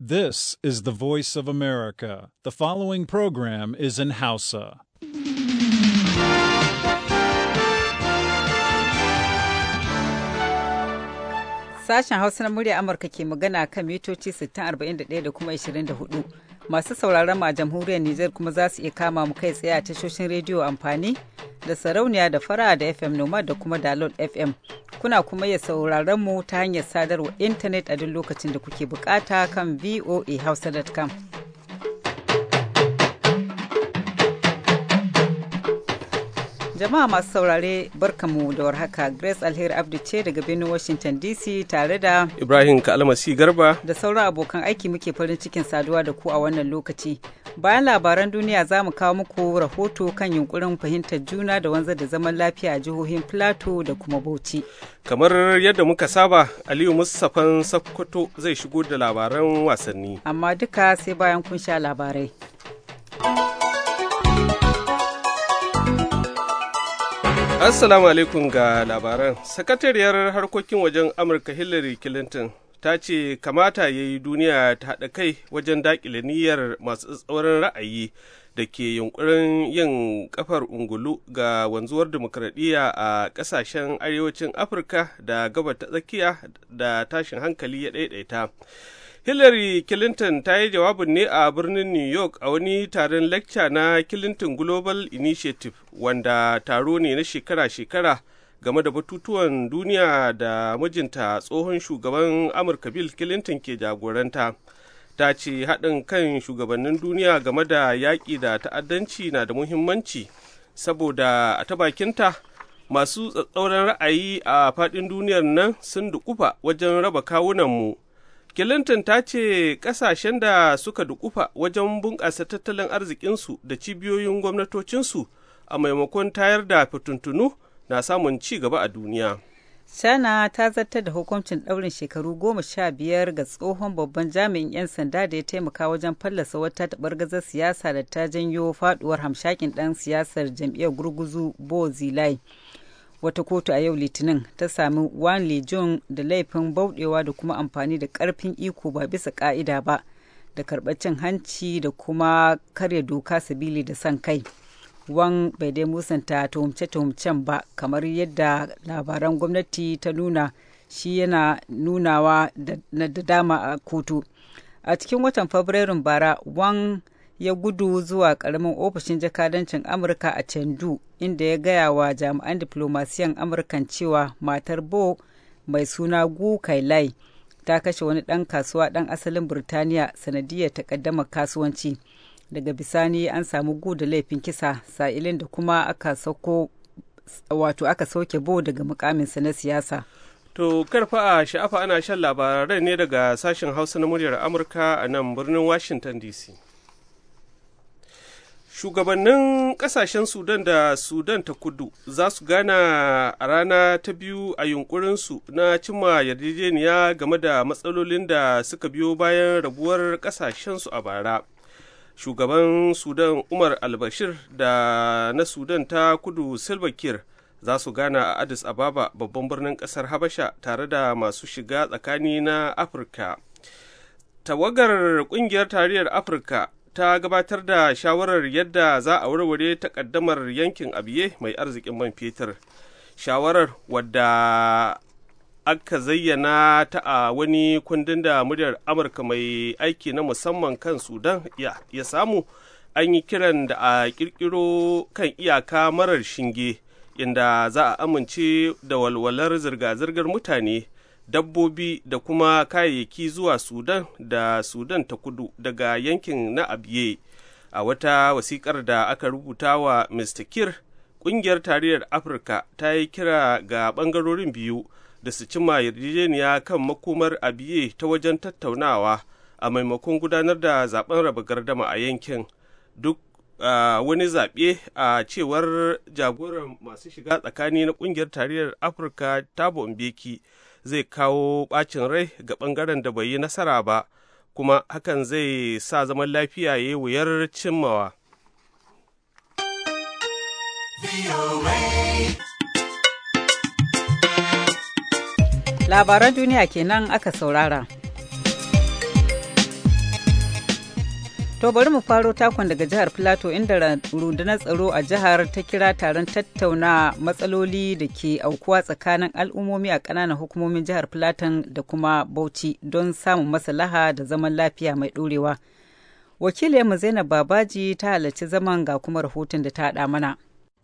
This is the voice of America. The following program is in Hausa. Sashen Hausa na murya Amurka ke magana kan mitoci 6041 da kuma 24. masu sauraron ma jamhuriyar Nijar kuma za su iya kama mu kai tsaye a tashoshin rediyo amfani da sarauniya da fara da FM Nomad da kuma Dalol FM. Kuna kuma ya sauraron mu ta hanyar sadarwa intanet a duk lokacin da kuke bukata kan voahausa.com. Jama'a masu saurare barkamu da warhaka Grace Alheri Abdu ce daga birnin Washington DC tare da Ibrahim Kalmasi Garba da sauran abokan aiki muke farin cikin saduwa da ku a wannan lokaci. Bayan labaran duniya za mu kawo muku rahoto kan yunkurin fahimtar juna da wanzar da zaman lafiya a jihohin Plateau da kuma Bauchi. Kamar yadda muka saba Aliyu Mustapha Sakkwato zai shigo da labaran wasanni. Amma duka sai bayan kun sha labarai. Assalamu alaikum ga labaran. Sakatariyar harkokin wajen Amurka Hillary Clinton ta ce kamata ya yi duniya ta haɗa kai wajen daƙile niyyar masu tsaurin ra'ayi da ke yunkurin yin kafar ungulu ga wanzuwar demokradiyya a ƙasashen arewacin Afirka da gabar ta tsakiya da tashin hankali ya ɗaiɗaita. Hillary Clinton ta yi jawabin ne a birnin New York a wani taron lecture na Clinton Global Initiative wanda taro ne na shekara-shekara game da batutuwan duniya da mijinta tsohon shugaban Amurka Bill Clinton ke jagoranta. Ta ce haɗin kan shugabannin duniya game da yaƙi da ta'addanci na da muhimmanci saboda a ta bakinta masu tsatsauran ra'ayi a faɗin duniyar nan sun dukufa wajen raba kawunanmu. mu. Clinton ta ce ƙasashen da suka dukufa wajen bunƙasa tattalin arzikinsu da cibiyoyin gwamnatocinsu a maimakon tayar da fituntunu na samun ci gaba a duniya. China ta zartar da hukuncin ɗaurin shekaru goma sha biyar ga tsohon babban jami'in 'yan sanda da ya taimaka wajen fallasa wata taɓargazar siyasa da ta janyo faɗuwar hamshakin ɗan siyasar jam'iyyar gurguzu Bo Zilai. wata kotu a yau litinin ta sami wan legion da laifin bauɗewa da kuma amfani da ƙarfin iko ba bisa ƙa'ida ba da karɓar cin hanci da kuma karya doka sabili da san kai wan bai dai musanta tuhumce-tuhumcen ba kamar yadda labaran gwamnati ta nuna shi yana nunawa da dama a kotu a cikin watan fabrairun bara wan ya gudu zuwa karamin ofishin jakadancin amurka a chengdu inda ya gaya wa jami'an diplomasiyan amurkan cewa matar bo mai suna gu kailai ta kashe wani ɗan kasuwa ɗan asalin burtaniya sanadiyar takaddama kasuwanci daga bisani an samu gu da laifin kisa sa'ilin da kuma aka wato aka sauke bo daga mukaminsa na siyasa To karfa a sha'afa ana shan labarai ne daga sashen Hausa na muryar Amurka a nan birnin Washington DC. shugabannin kasashen sudan da sudan ta kudu za su gana a rana ta biyu a yunkurinsu na cimma yarjejeniya game da matsalolin da suka biyo bayan rabuwar kasashensu a bara shugaban sudan umar albashir da na sudan ta kudu silbakir za su gana a addis ababa babban birnin kasar habasha tare da masu shiga tsakani na afirka tawagar kungiyar tarayyar afirka ta gabatar da shawarar yadda za a warware takaddamar yankin abiye mai arzikin man fetur shawarar wadda aka zayyana ta a wani kundin da muryar amurka mai aiki na musamman kan sudan ya samu an yi kiran da a kirkiro kan iyaka marar shinge inda za a amince da walwalar zirga-zirgar mutane dabbobi da kuma kayayyaki zuwa sudan da sudan ta kudu daga yankin na abiye a wata wasikar da aka rubuta wa mr kir ƙungiyar tarayyar afirka ta yi kira ga bangarorin biyu da su cima yarjejeniya kan makomar abiye ta wajen tattaunawa a maimakon gudanar da zaben raba gardama a yankin duk uh, wani zaɓe a cewar jagoran masu shiga tsakani na kungiyar tarayyar afirka ta bombeki zai kawo ɓacin rai ga ɓangaren da bai yi nasara ba kuma hakan zai sa zaman lafiya ya wuyar cimmawa. Labaran duniya kenan aka saurara. To bari mu faro takon daga jihar Filato inda rundunar tsaro a jihar ta kira taron tattauna matsaloli da ke aukuwa tsakanin al'ummomi a ƙananan hukumomin jihar Filaton da kuma Bauchi don samun maslaha da zaman lafiya mai ɗorewa. mu Zainab Babaji ta halarci zaman ga kuma rahoton da ta haɗa mana.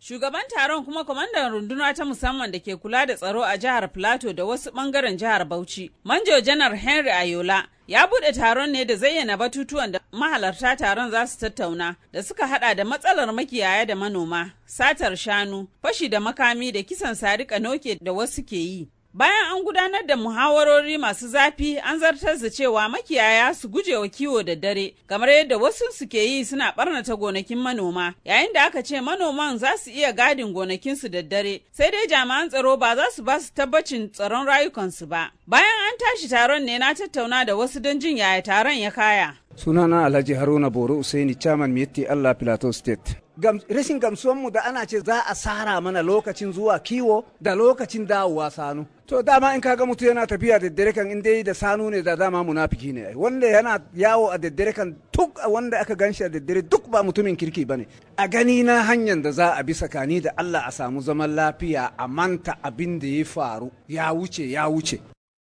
Shugaban taron kuma kwamandan runduna ta musamman da ke kula da tsaro a jihar Plateau da wasu bangaren jihar Bauchi, Manjo Janar Henry Ayola, ya bude taron ne da zayyana batutuwan da mahalarta taron za su tattauna da suka hada da matsalar makiyaya da manoma, satar shanu, fashi da makami da kisan sarika noke da wasu ke yi. Bayan an gudanar da muhawarori masu zafi an zartar da cewa makiyaya su guje wa kiwo da dare, kamar yadda wasu suke yi suna barnata gonakin manoma, yayin da aka ce manoman za su iya gadin gonakinsu da dare, sai dai jami'an tsaro ba za su ba su tabbacin tsaron rayukansu ba. Bayan an tashi taron ne na tattauna da wasu don jin yaya taron ya kaya. Sunana Alhaji Haruna Boro Usaini Chairman Mietti Allah Plateau State. rashin gamsuwanmu da ana ce za a sara mana lokacin zuwa kiwo da lokacin dawowa sanu to dama in kaga mutu yana tafiya da daddare kan dai da sanu ne da dama munafiki ne wanda yana yawo a daddare kan duk wanda aka ganshi a daddare duk ba mutumin kirki ba ne. a gani na hanyar da za a bi sakani, da Allah a samu zaman lafiya a manta abin da ya faru ya wuce ya wuce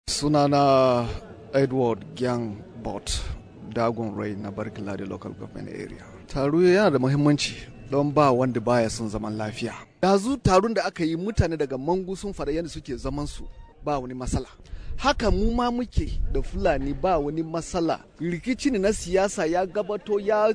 sunana Edward Gyan Bot Dagon Ray na Barkila local government area taro yana da muhimmanci don ba wanda baya son zaman lafiya Yanzu taron da aka yi mutane daga mangu sun fara yadda suke zaman su ba wani matsala haka mu ma muke da fulani ba wani matsala rikici ne na siyasa ya gabato ya,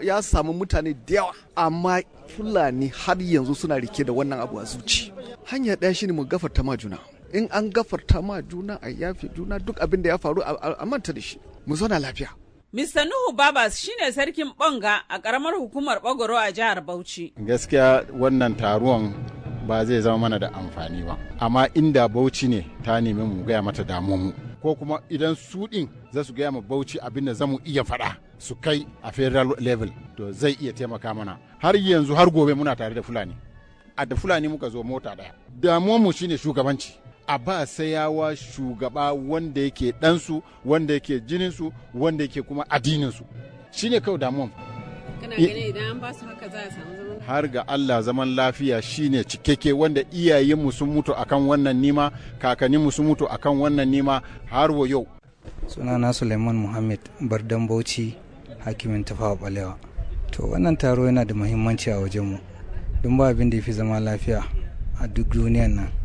ya, samu mutane da yawa amma fulani har yanzu suna rike da wannan abu a zuci hanya ɗaya shi shine mu gafarta ma juna in an gafarta ma juna a yafe juna duk abin da ya faru a manta da shi mu zauna lafiya Mr. Nuhu Babas shine sarkin Bonga a ƙaramar hukumar Bagoro a jihar Bauchi. Gaskiya wannan taruwan ba zai zama mana da amfani ba, amma inda Bauchi ne ta nemi mu gaya mata damuwa ko kuma idan su ɗin za su gaya ma Bauchi abin da zamu iya faɗa su kai a federal level to zai iya taimaka mana. Har yanzu har gobe muna tare da Fulani. A da Fulani muka zo mota ɗaya. damuwa shi shine shugabanci. a ba sayawa shugaba wanda yake ɗansu wanda yake jininsu wanda yake kuma addininsu shi ne kawai damuwan kana har ga Allah zaman lafiya shine cikakke wanda iyayenmu sun mutu akan wannan nima kakanninmu sun mutu akan wannan nima har wa yau sunana Suleiman Muhammad Bardan Bauchi hakimin tafawa balewa to wannan taro yana da muhimmanci a wajenmu don ba abin da ya fi zama lafiya a duk duniyan nan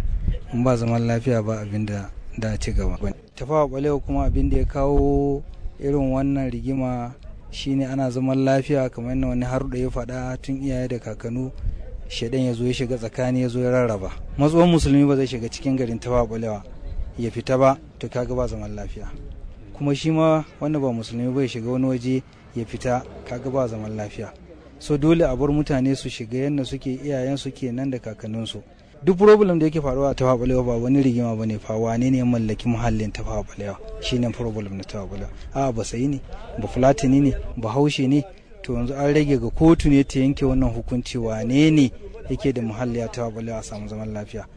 in ba zaman lafiya ba abin da da ci gaba tafawa balewa kuma abin da ya kawo irin wannan rigima shine ana zaman lafiya kamar yadda wani da ya faɗa tun iyaye da kakanu shaidan ya zo ya shiga tsakani ya zo ya rarraba matsuwan musulmi ba zai shiga cikin garin tafawa balewa ya fita ba to kaga ba zaman lafiya kuma shi ma wanda ba musulmi ba ya shiga wani waje ya fita kaga ba zaman lafiya so dole a bar mutane su shiga yadda suke iyayen suke nan da kakanninsu duk problem da yake faruwa a tafa ba wani rigima ba ne fa wane ne mallaki muhallin tafa shi shine problem na ta balewa a ba sai ne ba fulatini ne ba haushe ne to yanzu an rage ga kotu ne ta yanke wannan hukunci wane ne yake da muhalli a tafa a samu zaman lafiya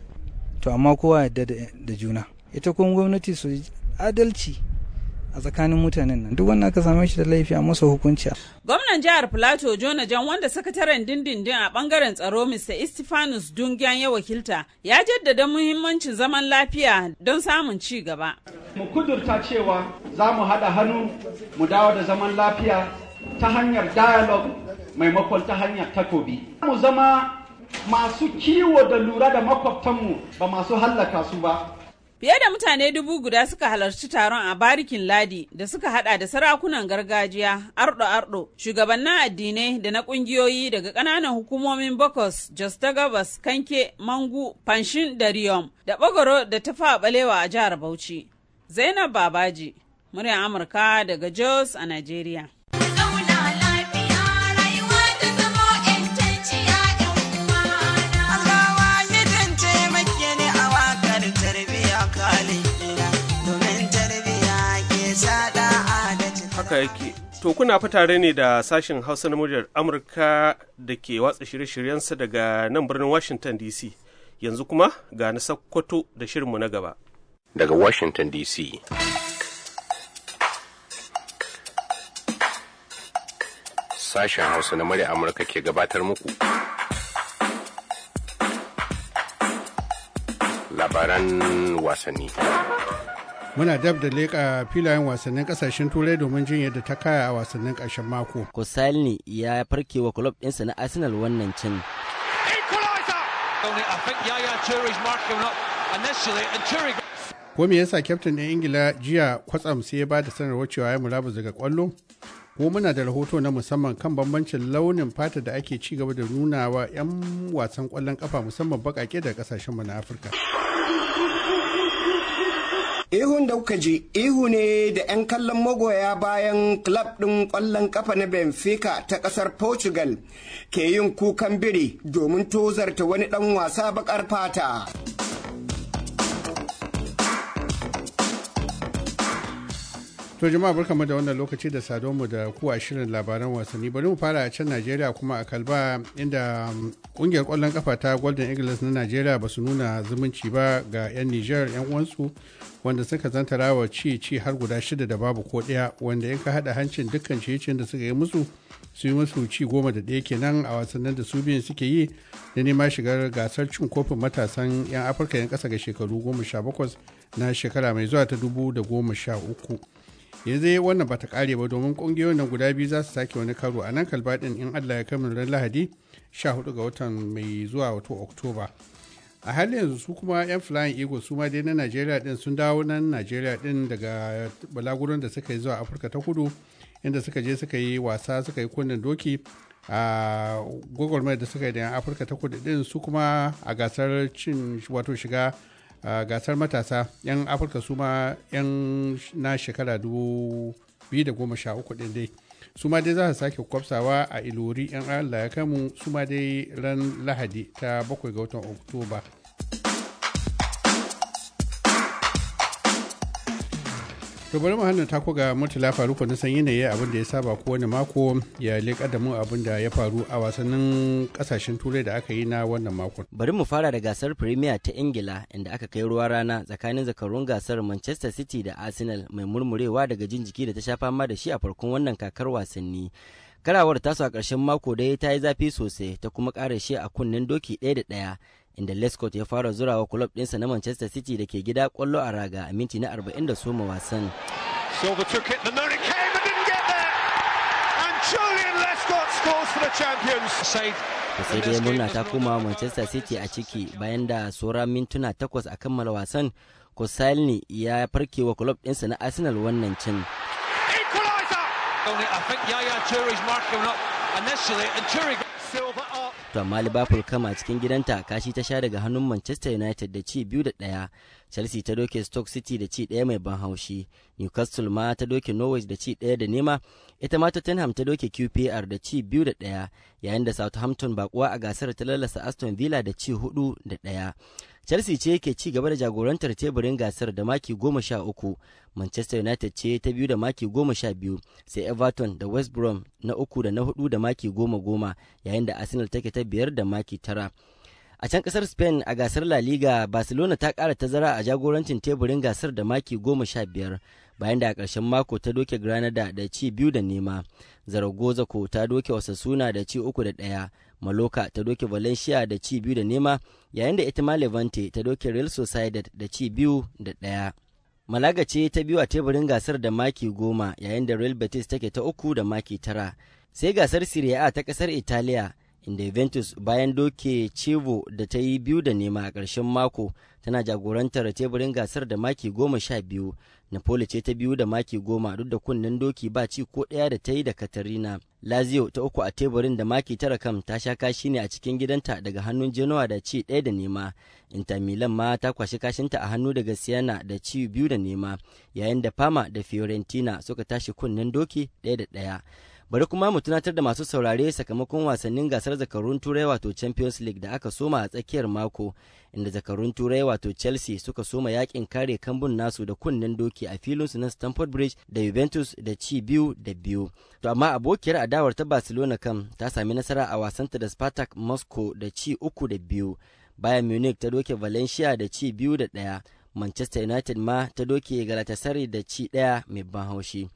to amma kowa yadda da juna ita kuma gwamnati su adalci a tsakanin mutanen nan duk wanda aka same shi da laifi a masa hukunci gwamnan jihar plateau jona jan wanda sakataren dindindin a bangaren tsaro mr istifanus dungiyan ya wakilta ya jaddada muhimmancin zaman lafiya don samun ci gaba mu kudurta cewa za mu haɗa hannu mu dawo da zaman lafiya ta hanyar dialogue maimakon ta hanyar takobi mu zama masu kiwo da lura da makwabtanmu ba masu hallaka su ba Fiye da mutane dubu guda suka halarci taron a barikin ladi da suka hada da sarakunan gargajiya, ardo-ardo, shugabannin addinai da na kungiyoyi daga kananan hukumomin Bokos, Jos ta Gabas, Kanke, Mangu, Fanshin da Riyom da Bagoro da ta balewa a jihar Bauchi. Zainab Babaji, murya Amurka daga Jos a Najeriya. haka yake to kuna tare ne da sashen hausa na muryar amurka da ke watsa shirye-shiryensa daga nan birnin washington dc yanzu kuma ga na sakkwato da shirinmu na gaba daga washington dc sashen hausa na muryar amurka ke gabatar muku labaran wasanni muna dab da leƙa filayen wasannin kasashen turai domin jin yadda ta kaya a wasannin ƙarshen mako. Kosalni ya farke wa kulob ɗinsa na Arsenal wannan cin. Ko me yasa kyaftin ɗin Ingila jiya kwatsam sai ya ba da sanarwar cewa ya murabus daga ƙwallo? Ko muna da rahoto na musamman kan bambancin launin fata da ake ci gaba da nunawa 'yan wasan ƙwallon kafa musamman baƙaƙe da ƙasashenmu na Afirka. Ihun da kuka ji ihu ne da 'yan kallon magoya bayan club ɗin ƙwallon kafa na Benfica ta ƙasar Portugal ke yin kukan biri domin tozarta wani ɗan wasa baƙar fata. To jama'a barkamu da wannan lokaci da mu da kuwa shirin labaran wasanni bari mu fara a can Najeriya kuma a Kalba inda kungiyar um, kwallon kafa ta Golden Eagles na Najeriya ba su nuna zumunci ba ga 'yan Nijar 'yan uwansu wanda suka zanta rawa ci ci har guda shida da babu ko daya wanda in ka haɗa hancin dukkan ciye da suka yi musu su yi musu ci goma da ɗaya kenan a wasannin da su biyun suke yi da nema shigar gasar cin kofin matasan 'yan afirka 'yan kasa ga shekaru goma sha bakwas na shekara mai zuwa ta dubu da goma sha uku yanzu wannan ba ta kare ba domin kungiyoyin nan guda biyu za su sake wani karo a nan kalbaɗin in allah ya kammala ran lahadi 14 ga watan mai zuwa wato oktoba a halin yanzu su kuma yan flying eagles su ma dai na nigeria din sun dawo nan nigeria din daga balaguron da suka yi zuwa afirka ta kudu inda suka je suka yi wasa suka yi kunnen doki a gwagwarmayar da suka yi da yan afirka ta kudu din su kuma a gasar cin wato shiga a gasar matasa 'yan afirka su ma 'yan na shekara 2013 dai su ma dai za su sake kwafsawa a ilori 'yan allah ya kamu su ma dai ran lahadi ta 7 ga watan oktoba to bari mu hannun tako ga murtala faruku na san yanayi abin da ya saba ko wani mako ya leƙa da mu abin da ya faru a wasannin kasashen turai da aka yi na wannan mako. bari mu fara da gasar premier ta ingila inda aka kai ruwa rana tsakanin zakarun gasar manchester city da arsenal mai murmurewa daga jin jiki da ta sha fama da shi a farkon wannan kakar wasanni karawar tasu a ƙarshen mako dai ta yi zafi sosai ta kuma ƙara shi a kunnen doki ɗaya da ɗaya inda Lescott ya fara zurawa kulob ɗinsa na Manchester City da ke gida kwallo a raga a minti na 40 da soma wasan. da sai dai murna ta koma manchester city a ciki bayan da saura mintuna takwas a kammala wasan kosalini ya farke wa kulob ɗinsa na arsenal wannan cin silver to amma liverpool kama cikin gidanta kashi ta sha daga hannun manchester united da ci biyu da ɗaya chelsea ta doke stoke city da ci ɗaya mai ban haushi newcastle ma ta doke norwich da ci ɗaya da nema ita ma tottenham ta doke qpr da ci biyu da ɗaya yayin da southampton bakuwa a gasar ta lalasa aston villa da ci hudu da ɗaya chelsea ce ke ci gaba da jagorantar teburin gasar da maki goma sha uku manchester united ce ta biyu da maki goma sha biyu sai everton da west brom na uku da na hudu da maki goma goma yayin da arsenal take ta biyar da maki tara a can kasar spain a gasar la liga barcelona ta kara tazara a jagorancin teburin gasar da maki goma sha biyar bayan da a ƙarshen mako ta doke granada da ci biyu da nema zaragoza ko ta doke osasuna da ci uku da ɗaya maloka ta doke valencia da ci biyu da nema yayin da ita ma levante ta doke real sociedad da ci biyu da ɗaya malaga ce ta biyu a teburin gasar da maki goma yayin da real betis take ta uku da maki tara sai gasar serie a ta ƙasar italiya inda Juventus bayan doke Cevo da ta yi biyu da nema a ƙarshen mako tana jagorantar teburin gasar da maki goma sha biyu Napoli ce ta biyu da maki goma duk da kunnen doki ba ci ko ɗaya da ta yi da Katarina. Lazio ta uku a teburin da maki tara kam ta sha kashi ne a cikin gidanta daga hannun Genoa da ci ɗaya da nema. Inter Milan ma ta kwashi kashinta a hannu daga Siena da ci biyu da nema, yayin da fama da Fiorentina suka tashi kunnen doki ɗaya da ɗaya. bari kuma mu tunatar da masu saurare sakamakon wasannin gasar zakarun turai wato champions league da aka soma a tsakiyar mako inda zakarun turai wato chelsea suka soma yakin kare kambun nasu da kunnen doki a filinsu na stamford bridge da juventus da ci biyu da biyu to amma abokiyar adawar ta barcelona kam ta sami nasara a wasanta da spartak moscow da ci uku da biyu bayan munich ta doke valencia da ci biyu da ɗaya manchester united ma ta doke galatasaray da ci ɗaya mai ban haushi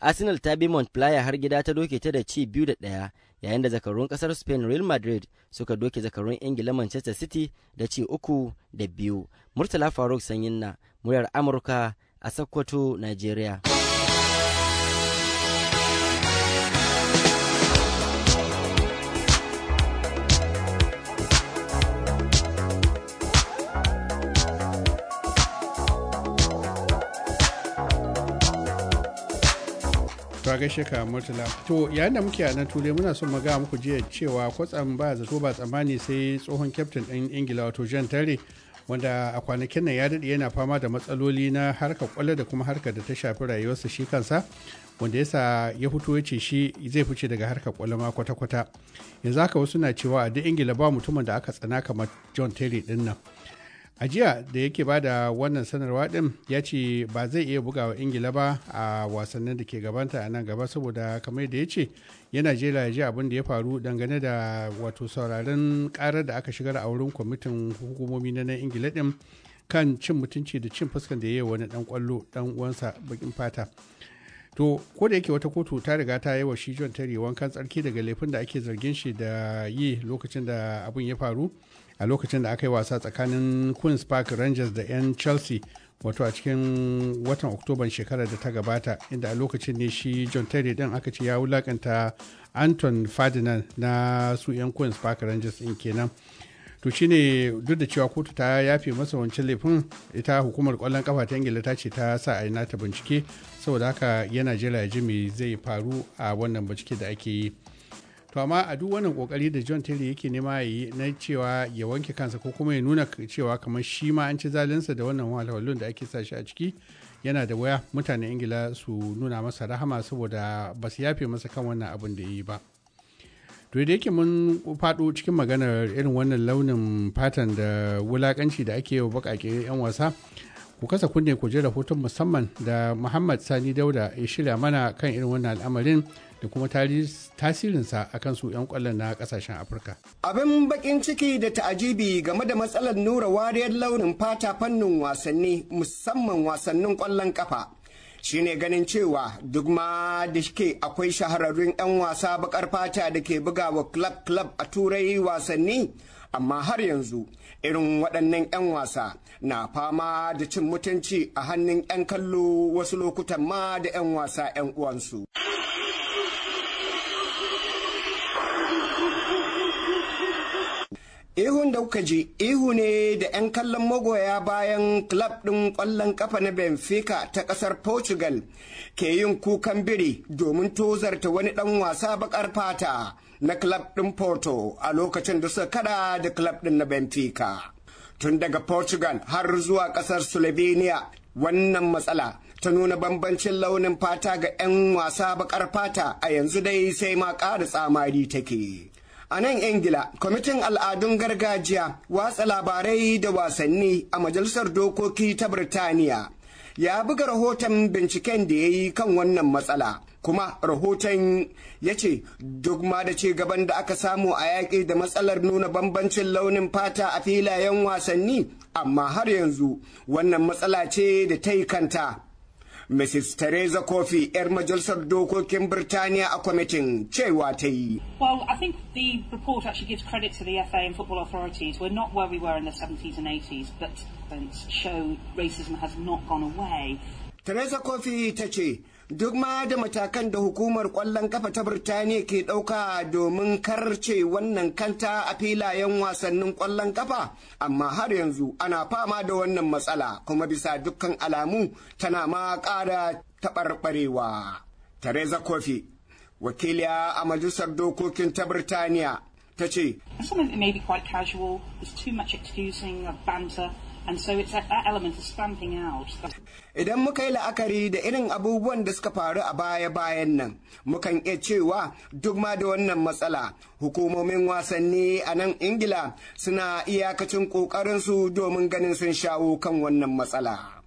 Arsenal ta bi Montpellier har gida ta doke ta da ci biyu da ɗaya yayin da zakarun ƙasar Spain Real Madrid suka doke zakarun Ingila Manchester City da ci uku da biyu. Murtala Faruk Sanyin na muryar Amurka a Sokoto, Nigeria. gaishe ka murtala to yayin da muke a nan turai muna son maga muku jiya cewa kwatsam ba zato ba tsammani sai tsohon kyaftin din ingila wato jan tare wanda a kwanakin nan ya daɗe yana fama da matsaloli na harkar kwallo da kuma harkar da ta shafi rayuwarsa shi kansa wanda ya sa ya fito ya ce shi zai fice daga harkar kwallo ma kwata-kwata yanzu haka wasu na cewa a duk ingila ba mutumin da aka tsana kamar john terry ɗin nan a jiya da yake ba da wannan sanarwa din ya ce ba zai iya bugawa ingila ba a wasannin da ke gabanta a nan gaba saboda kamar da ya ce yana jela ya ji abin da ya faru dangane da wato sauraron karar da aka shigar a wurin kwamitin hukumomi na nan ingila din kan cin mutunci da cin fuskan da ya yi wani dan kwallo dan uwansa bakin fata to ko da yake wata kotu ta riga ta yi wa shi john terry wankan tsarki daga laifin da ake zargin shi da yi lokacin da abin ya faru a lokacin da aka yi wasa tsakanin queens park rangers da 'yan chelsea wato a cikin watan oktoban shekarar da ta gabata inda a lokacin ne shi john terry din aka ce ya wulakanta anton ferdinand na su 'yan queens park rangers in kenan to shine duk da cewa kotu ta yafe masa wancan laifin ita hukumar kwallon kafa ta ingila ta ce ta sa a yi nata bincike saboda haka yana jira ya ji me zai faru a wannan bincike da ake yi to amma a duk wannan kokari da john terry yake nema ya yi na cewa ya wanke kansa ko kuma ya nuna cewa kamar shi ma an ci zalinsa da wannan walwalun da ake sa shi a ciki yana da waya mutanen ingila su nuna masa rahama saboda ba su yafe masa kan wannan abin da ya yi ba to da yake mun faɗo cikin maganar irin wannan launin fatan da wulakanci da ake yi wa bakake 'yan wasa ku kasa kunne ku je rahoton musamman da muhammad sani dauda ya shirya mana kan irin wannan al'amarin da kuma tasirinsa akan su 'yan kwallon na kasashen afirka abin bakin ciki da ta'ajibi game da matsalar nura wariyar launin fata fannin wasanni musamman wasannin kwallon kafa shine ganin cewa duk ma da ke akwai shahararrun 'yan wasa bakar fata da ke buga wa club club a turai wasanni amma har yanzu irin waɗannan 'yan wasa na fama da cin mutunci a hannun 'yan kallo wasu lokutan ma da 'yan wasa 'yan uwansu. Ihun da kuka ji ihu ne da 'yan kallon magoya bayan club ɗin ƙwallon ƙafa na Benfica ta ƙasar Portugal ke yin kukan biri domin tozarta wani ɗan wasa baƙar fata na club ɗin Porto a lokacin da suka kada da club ɗin na Benfica. Tun daga Portugal har zuwa ƙasar Slovenia wannan matsala ta nuna bambancin launin fata ga 'yan wasa baƙar fata a yanzu dai sai ma ƙara tsamari take. A nan Ingila, kwamitin al'adun gargajiya, watsa labarai da wasanni a Majalisar Dokoki ta Birtaniya ya buga rahoton binciken da ya yi kan wannan matsala. Kuma rahoton ya ce, duk ma da ce gaban da aka samu a yaƙi da matsalar nuna bambancin launin fata a filayen wasanni, amma har yanzu wannan matsala ce da ta yi kanta. Mrs. majalisar dokokin Birtaniya a kwamitin, cewa ta yi. Well, I think the report actually gives credit to the FA and football authorities. We're not where we were in the 70s and 80s, but show racism has not gone away. Theresa Coffey ta ce, duk ma da matakan da hukumar kwallon kafa ta birtaniya ke ɗauka domin karce wannan kanta a filayen wasannin kwallon kafa amma har yanzu ana fama da wannan matsala kuma bisa dukkan alamu tana ma ƙara taɓarɓarewa theresa kofi wakiliya a majalisar dokokin ta birtaniya ta ce Idan muka yi la'akari da irin abubuwan da suka faru a baya-bayan nan, mukan iya cewa duk ma da wannan matsala, hukumomin wasanni a nan Ingila suna iyakacin ƙoƙarinsu domin ganin sun shawo kan wannan matsala.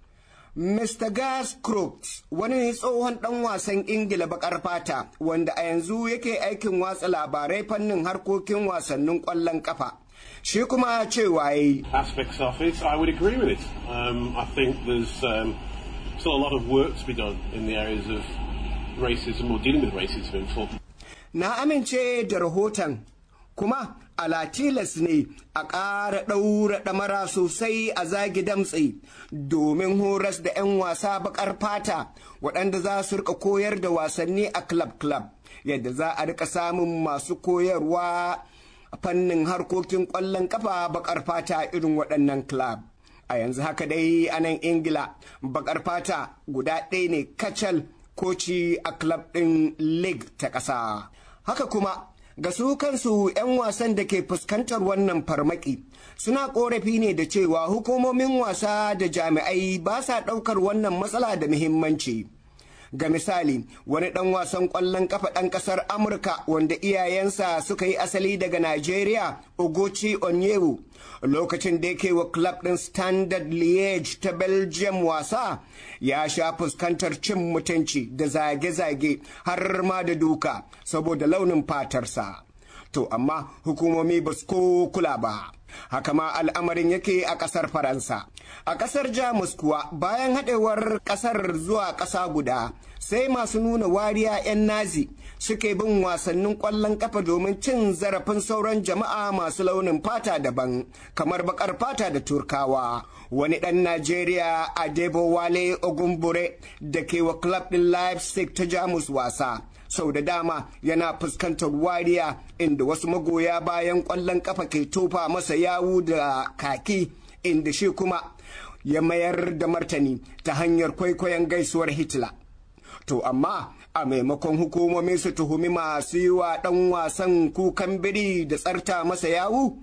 Mr. Gas Crooks wani tsohon ɗan wasan Ingila baƙar fata wanda a yanzu yake aikin watsa labarai fannin harkokin wasannin ƙwallon ƙafa. shi kuma cewa yi aspects of it I would agree with it um, I think there's um, still a lot of work to be done in the areas of racism or dealing with racism in full na amince da rahoton kuma ala tilas ne a ƙara ɗaura ɗamara sosai a zagi damtse domin horas da 'yan wasa baƙar fata waɗanda za su rika koyar da wasanni a club club yadda za a rika samun masu koyarwa fannin harkokin ƙwallon kafa bakar fata irin waɗannan club. A yanzu haka dai a nan Ingila bakar fata guda ɗaya ne kacal koci a club ɗin league ta ƙasa. Haka kuma ga su kansu 'yan wasan da ke fuskantar wannan farmaki suna korafi ne da cewa hukumomin wasa da jami'ai ba sa ɗaukar wannan matsala da muhimmanci. Ga misali, wani ɗan wasan ƙwallon ƙafa ɗan ƙasar Amurka wanda iyayensa suka yi asali daga Najeriya, Ogochi Onyewu, lokacin da yake wa club ɗin Standard liege ta Belgium wasa, ya sha fuskantar cin mutunci da zage-zage har ma da duka saboda launin fatarsa. To amma hukumomi ba su kula ba. haka ma al'amarin yake a ƙasar faransa a ƙasar jamus kuwa bayan haɗewar ƙasar zuwa ƙasa guda sai masu nuna wariya 'yan nazi suke bin wasannin ƙwallon ƙafa domin cin zarafin sauran jama'a masu launin fata daban kamar bakar fata da turkawa wani ɗan najeriya adebo wale ogunbure da ke wa club leipzig ta jamus wasa sau da dama yana fuskantar wariya inda wasu magoya bayan ƙwallon kafa ke tofa masa yawu da kaki inda shi kuma ya mayar da martani ta hanyar kwaikwayon gaisuwar hitler to amma a maimakon hukumomin su tuhumi masu yi wa ɗan wasan kukan biri da tsarta masa yawu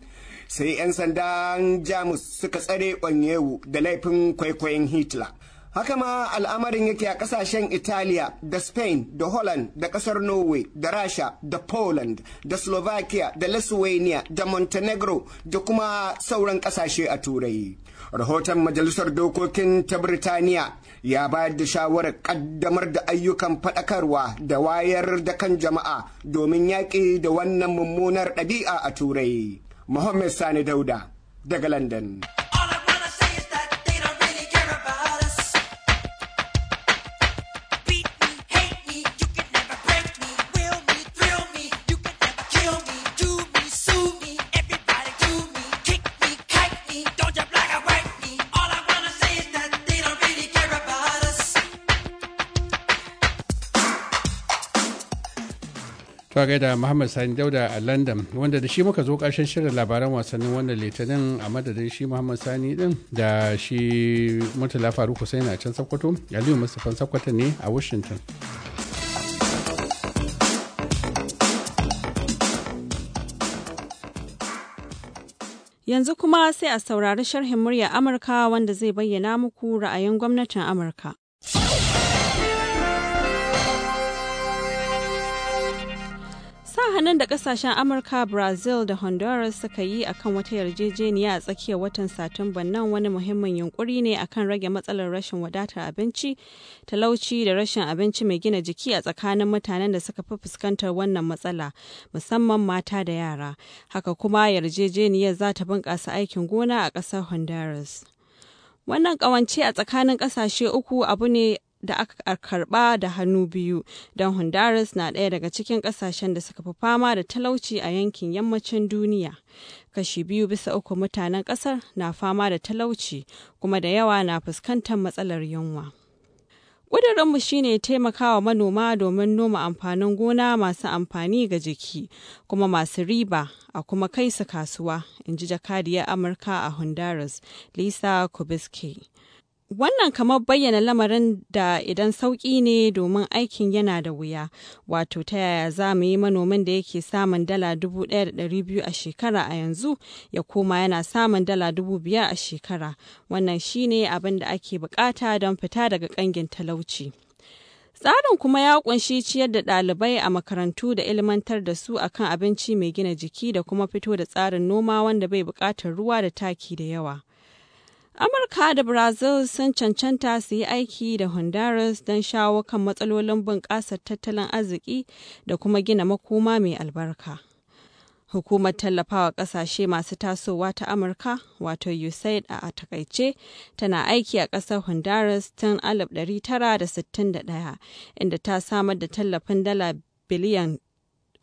sai 'yan sandan jamus suka tsare onyewu da laifin kwaikwayon hitler Haka ma al'amarin yake a ƙasashen Italiya da Spain da Holland da ƙasar Norway da Rasha da Poland da Slovakia da Lithuania da Montenegro da kuma sauran ƙasashe a Turai. Rahoton Majalisar Dokokin ta Birtaniya ya bayar da shawarar ƙaddamar da ayyukan faɗakarwa da wayar da kan jama'a domin yaƙi da wannan mummunar ɗabi'a a Turai. Muhammad Sani Dauda daga London. ba gaida Muhammad Sani Dauda a London wanda da shi muka zo ƙarshen shirin labaran wasannin wannan litinin a madadin shi Muhammad Sani din da shi Murtala Faruk Hussein a can Sokoto, Aliyu Mustapha Sokoto ne a Washington. Yanzu kuma sai a saurari sharhin murya Amurka wanda zai bayyana muku ra'ayin gwamnatin Amurka. sa hannun da kasashen amurka brazil da honduras suka yi akan wata yarjejeniya a tsakiyar watan satumba nan wani muhimmin yunkuri ne akan rage matsalar rashin wadatar abinci talauci da rashin abinci mai gina jiki a tsakanin mutanen da suka fi fuskantar wannan matsala musamman mata da yara haka kuma yarjejeniyar za ta bunƙasa aikin gona a ƙasar honduras wannan ƙawance a tsakanin ƙasashe uku abu ne da aka karba da hannu biyu don honduras na ɗaya daga cikin ƙasashen da suka fi fama da talauci a yankin yammacin duniya kashi biyu bisa uku mutanen ƙasar na fama da talauci kuma da yawa na fuskantar matsalar yunwa ƙudurinmu shine taimakawa manoma domin noma amfanin gona masu amfani ga jiki kuma masu riba a kuma kai su kasuwa in ji jakadiyar amurka a honduras lisa kubiski Wannan kamar bayyana lamarin da idan sauƙi ne domin aikin yana da wuya, wato ta yaya za mu yi manomin da yake samun dala dubu ɗaya da ɗari biyu a shekara a yanzu ya koma yana samun dala dubu biyar a shekara. Wannan shi ne abin da ake bukata don fita daga ƙangin talauci. Tsarin kuma ya ƙunshi ciyar da ɗalibai a makarantu da ilmantar da su akan abinci mai gina jiki da kuma fito da tsarin noma wanda bai buƙatar ruwa da taki da yawa. Amurka da Brazil sun cancanta su yi aiki da Honduras don shawo kan matsalolin bunƙasar tattalin arziki da kuma gina makoma mai albarka. Hukumar tallafawa ƙasashe masu tasowa ta Amurka, wato USAID a takaice, tana aiki a ƙasar Honduras tun 1961, inda ta samar da tallafin dala biliyan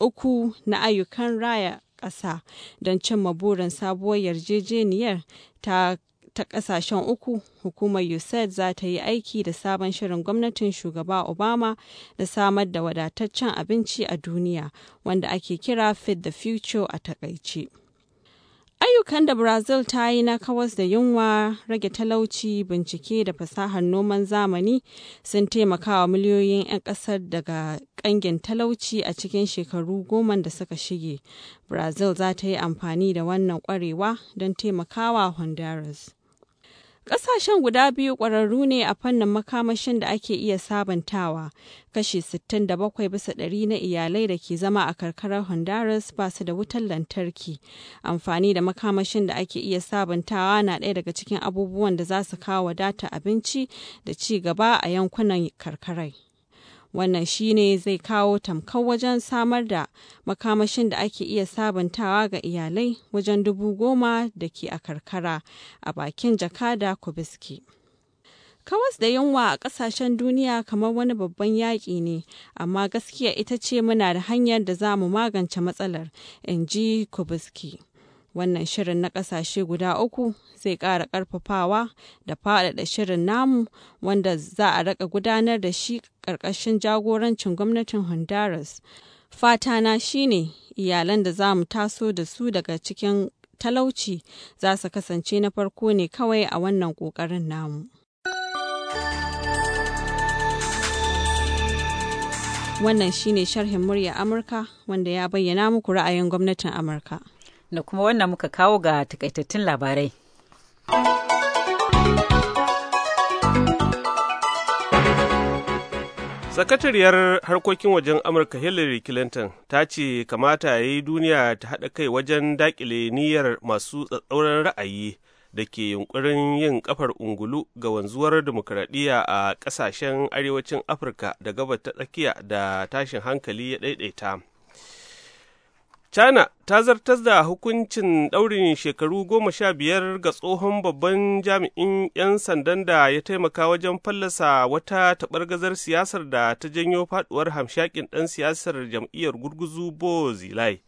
uku na ayyukan raya ƙasa don cimma burin sabuwar yarjejeniyar ta ta kasashen uku hukumar usaid za ta yi aiki da sabon shirin gwamnatin shugaba obama da samar da wadataccen abinci a duniya wanda ake kira feed the future a takaice ayyukan da brazil ta yi na kawas da yunwa rage talauci bincike da fasahar noman zamani sun taimaka wa miliyoyin 'yan kasar daga kangin talauci a cikin shekaru goma da suka shige brazil za ta yi amfani da wannan kwarewa don taimakawa honduras Ƙasashen guda biyu ƙwararru ne a fannin makamashin da ake iya sabantawa. Kashi 67 bisa ɗari na iyalai da ke zama a karkarar Honduras ba su da wutar lantarki. Amfani da makamashin da ake iya sabantawa na ɗaya daga cikin abubuwan da za su kawo wadata abinci da ci gaba a yankunan karkarai. wannan shi ne zai kawo tamkar wajen samar da makamashin da ake iya sabuntawa ga iyalai wajen dubu goma da ke a karkara a bakin jakada kubiski kawas da yunwa a kasashen duniya kamar wani babban yaƙi ne amma gaskiya ita ce muna da hanyar da za mu magance matsalar in ji kubiski Wannan shirin na ƙasashe guda uku zai ƙara ƙarfafawa da faɗaɗa shirin namu wanda za a raka gudanar da shi ƙarƙashin jagorancin gwamnatin Honduras. Fatana shine iyalan da za mu taso da su daga cikin talauci za su kasance na farko ne kawai a wannan ƙoƙarin namu. Wannan shine sharhin murya Amurka wanda ya bayyana muku ra'ayin gwamnatin Amurka. da kuma wannan muka kawo ga takaitattun labarai. Sakatariyar harkokin wajen Amurka Hillary Clinton ta ce kamata ya yi duniya ta haɗa kai wajen daƙile niyyar masu tsatsauran ra'ayi da ke yunkurin yin ƙafar ungulu ga wanzuwar demokuraɗiyya a ƙasashen arewacin Afirka da gabar ta tsakiya da tashin hankali ya ɗaiɗaita. China ta zartar da hukuncin ɗaurin shekaru goma sha biyar ga tsohon babban jami'in 'yan sandan da ya taimaka wajen fallasa wata taɓargazar siyasar da ta janyo faɗuwar hamshakin ɗan siyasar jam'iyyar gurguzu Bo Zilai.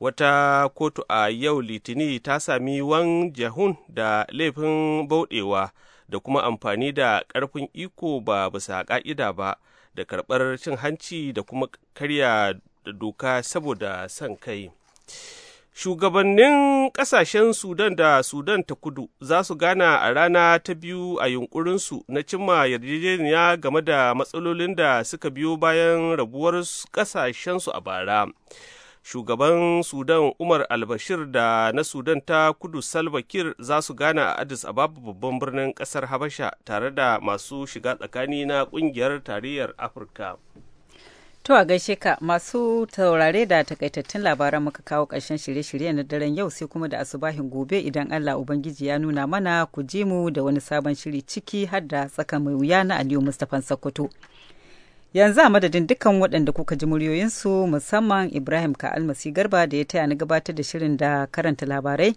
Wata kotu a yau Litini ta sami Wang Jahun da laifin bauɗewa da kuma amfani da ƙarfin iko ba bisa ƙa'ida ba da karɓar cin hanci da kuma karya da doka saboda son kai shugabannin kasashen sudan da sudan ta kudu za su gana a rana ta biyu a yunkurinsu na cimma yarjejeniya game da matsalolin da suka biyo bayan rabuwar ƙasashensu a bara shugaban sudan umar albashir da na sudan ta kudu salva kir za su gana a addis ababa babban birnin kasar habasha tare da masu shiga tsakani na kungiyar tarayyar afirka To a gaishe ka masu taurare da takaitattun labaran muka kawo ƙarshen shirye-shirye na daren yau sai kuma da asubahin gobe idan Allah Ubangiji ya nuna mana ku ji mu da wani sabon shiri ciki har da tsaka mai wuya na Aliyu Mustapha Sokoto. Yanzu a madadin dukkan waɗanda kuka ji muryoyinsu musamman Ibrahim Ka'almasi Garba da ya taya ni gabatar da shirin da karanta labarai.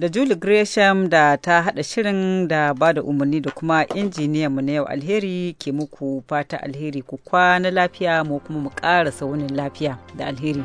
da Julie Gresham da ta haɗa shirin da ba da umarni da kuma mu na yau alheri ke muku fata alheri ku kwana lafiya mu kuma mu ƙara wunin lafiya da alheri.